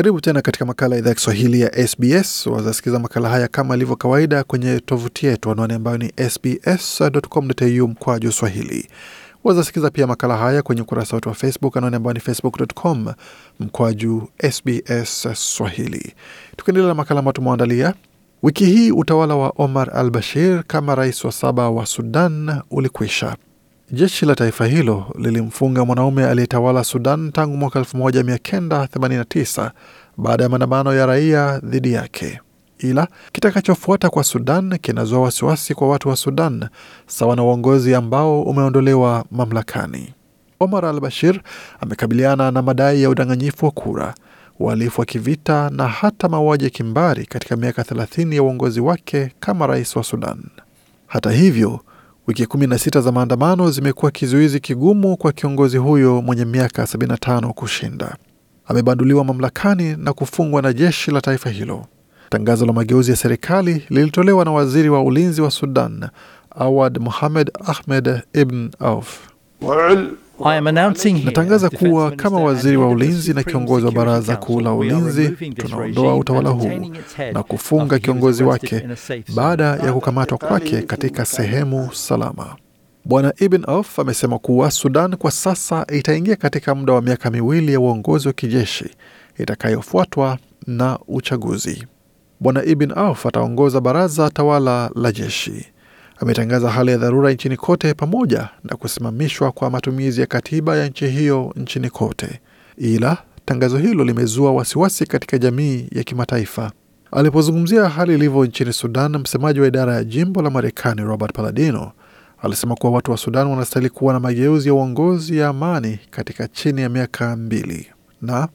Karibu tena katika makala ya idhaa ya Kiswahili ya SBS. Wazasikiza makala haya kama ilivyo kawaida kwenye tovuti yetu, anwani ambayo ni sbs.com.au mkwaju swahili. Wazasikiza pia makala haya kwenye ukurasa wetu wa Facebook, anwani ambayo ni facebook.com mkwaju sbs swahili. Tukiendelea na makala ambayo tumeandalia wiki hii, utawala wa Omar al Bashir kama rais wa saba wa Sudan ulikwisha. Jeshi la taifa hilo lilimfunga mwanaume aliyetawala Sudan tangu mwaka 1989 baada ya maandamano ya raia dhidi yake. Ila kitakachofuata kwa Sudan kinazua wasiwasi kwa watu wa Sudan, sawa na uongozi ambao umeondolewa mamlakani. Omar al Bashir amekabiliana na madai ya udanganyifu wa kura, uhalifu wa kivita na hata mauaji ya kimbari katika miaka 30 ya uongozi wake kama rais wa Sudan. Hata hivyo Wiki 16 za maandamano zimekuwa kizuizi kigumu kwa kiongozi huyo mwenye miaka 75 kushinda. Amebanduliwa mamlakani na kufungwa na jeshi la taifa hilo. Tangazo la mageuzi ya serikali lilitolewa na waziri wa ulinzi wa Sudan, Awad muhamed Ahmed Ibn Auf. Natangaza kuwa kama waziri wa ulinzi na kiongozi wa baraza kuu la ulinzi, tunaondoa utawala huu na kufunga kiongozi wake baada ya kukamatwa kwake katika sehemu salama. Bwana Ibn Auf amesema kuwa Sudan kwa sasa itaingia katika muda wa miaka miwili ya uongozi wa kijeshi itakayofuatwa na uchaguzi. Bwana Ibn Auf ataongoza baraza tawala la jeshi ametangaza hali ya dharura nchini kote pamoja na kusimamishwa kwa matumizi ya katiba ya nchi hiyo nchini kote. Ila tangazo hilo limezua wasiwasi katika jamii ya kimataifa. Alipozungumzia hali ilivyo nchini Sudan, msemaji wa idara ya jimbo la Marekani Robert Paladino alisema kuwa watu wa Sudan wanastahili kuwa na mageuzi ya uongozi ya amani katika chini ya miaka mbili na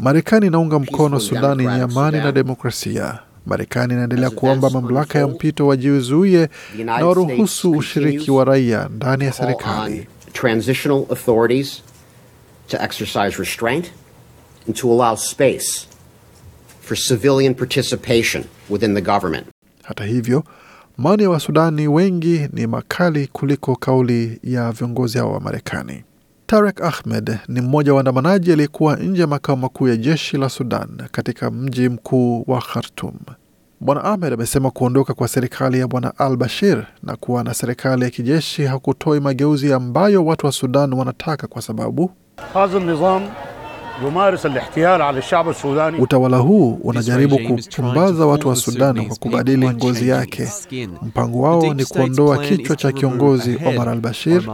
Marekani inaunga mkono Sudani yenye amani na demokrasia. Marekani inaendelea kuomba mamlaka ya mpito wajiuzuie na waruhusu ushiriki wa raia ndani ya serikali. Hata hivyo, maoni ya Wasudani wengi ni makali kuliko kauli ya viongozi hao wa Marekani. Tarek Ahmed ni mmoja wa waandamanaji aliyekuwa nje ya makao makuu ya jeshi la Sudan katika mji mkuu wa Khartum. Bwana Ahmed amesema kuondoka kwa serikali ya Bwana al Bashir na kuwa na serikali ya kijeshi hakutoi mageuzi ambayo watu wa Sudan wanataka kwa sababu Utawala huu unajaribu kupumbaza watu wa Sudani kwa kubadili ngozi yake. Mpango wao ni kuondoa kichwa cha kiongozi Omar al-Bashir uh,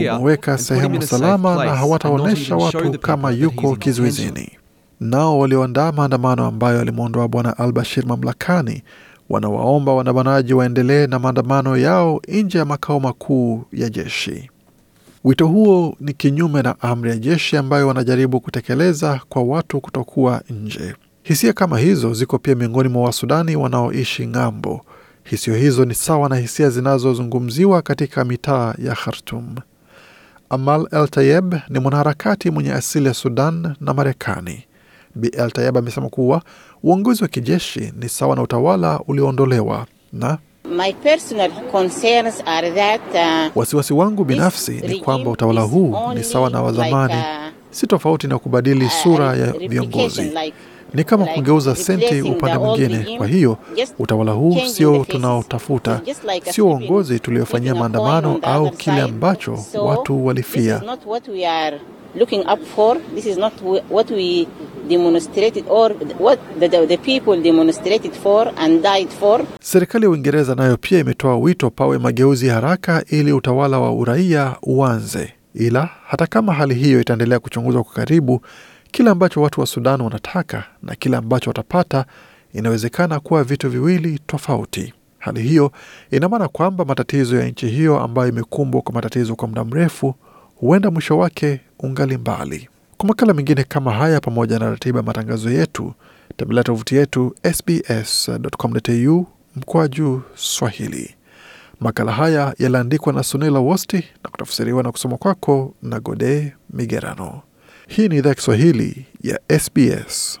na kumweka sehemu salama, na hawataonyesha watu kama yuko kizuizini. Nao walioandaa maandamano ambayo alimwondoa bwana al-Bashir mamlakani wanawaomba waandamanaji waendelee na maandamano yao nje ya makao makuu ya jeshi. Wito huo ni kinyume na amri ya jeshi ambayo wanajaribu kutekeleza kwa watu kutokuwa nje. Hisia kama hizo ziko pia miongoni mwa Wasudani wanaoishi ng'ambo. hisio hizo ni sawa na hisia zinazozungumziwa katika mitaa ya Khartum. Amal El Tayeb ni mwanaharakati mwenye asili ya Sudan na Marekani. Bi El Tayeb amesema kuwa uongozi wa kijeshi ni sawa na utawala ulioondolewa na My personal concerns are that, uh, wasiwasi wangu binafsi ni kwamba utawala huu ni sawa na wazamani like, uh, si tofauti na kubadili uh, sura ya viongozi like, ni kama kungeuza senti upande mwingine. Kwa hiyo utawala huu sio tunaotafuta, like sio uongozi tuliofanyia maandamano au kile ambacho watu walifia demonstrated or what the, the people demonstrated for and died for. Serikali ya Uingereza nayo pia imetoa wito pawe mageuzi haraka ili utawala wa uraia uanze. Ila hata kama hali hiyo itaendelea kuchunguzwa kwa karibu, kile ambacho watu wa Sudan wanataka na kile ambacho watapata inawezekana kuwa vitu viwili tofauti. Hali hiyo ina maana kwamba matatizo ya nchi hiyo ambayo imekumbwa kwa matatizo kwa muda mrefu, huenda mwisho wake ungali mbali. Kwa makala mengine kama haya pamoja na ratiba ya matangazo yetu, tembelea tovuti yetu sbs.com.au mkoa juu Swahili. Makala haya yaliandikwa na Sunila Wosti na kutafsiriwa na kusoma kwako na Gode Migerano. Hii ni idhaa ya Kiswahili ya SBS.